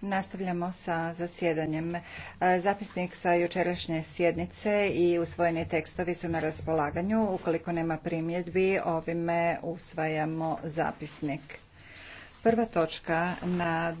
Nastavljamo sa zasjedanjem. E, zapisnik sa jučerašnje sjednice i usvojeni tekstovi su na raspolaganju. Ukoliko nema primjedbi, ovime usvajamo zapisnik. Prva točka na